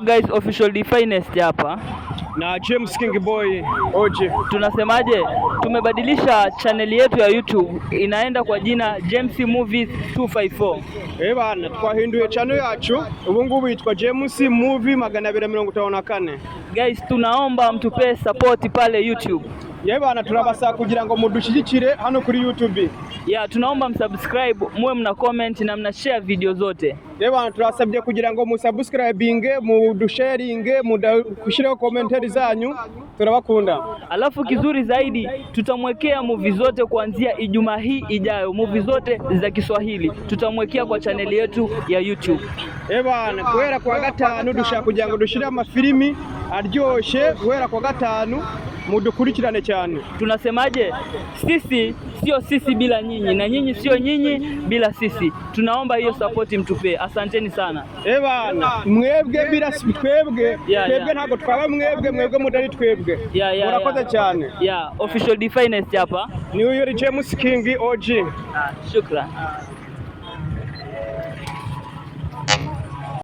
Guys, official finest hapa na James King Boy Oji. Tunasemaje? Tumebadilisha channel yetu ya YouTube inaenda kwa jina James Movies 254. Eh bana, twahinduye channel yacu ubu ngubu yitwa James Movie magana abiri mirongo itanu na kane. Guys, tunaomba mtupe support pale YouTube bana turabasaba kugira ngo mudushyigikire hano kuri YouTube ya tunaomba msubscribe muwe mna comment na mna share video zote bana turasabye kugira ngo musubscribinge mudusharinge mudushireho commentari zanyu turabakunda alafu kizuri zaidi tutamwekea movie zote kuanzia Ijumaa hii ijayo movie zote za Kiswahili tutamwekea kwa chaneli yetu ya YouTube yebana kuhera kwa gatanu dushaka kugira ngo dushire amafilimi aryoshe guhera kwa gatanu mudukurikirane cyane tunasemaje sisi sio sisi bila nyinyi na nyinyi sio nyinyi bila sisi tunaomba hiyo sapoti mtupee asanteni sana e bana mwebwe bila twebwe twebwe ntabwo twaba mwebwe mwebwe mudari twebwe murakoze cyane ya official definest hapa ni huyo James King OG ah,